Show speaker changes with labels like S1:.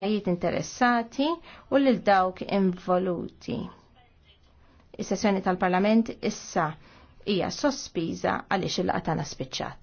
S1: partijiet interessati u lil dawk involuti. Is-sessjoni tal-Parlament issa hija sospiża għaliex il-qatana spiċċat.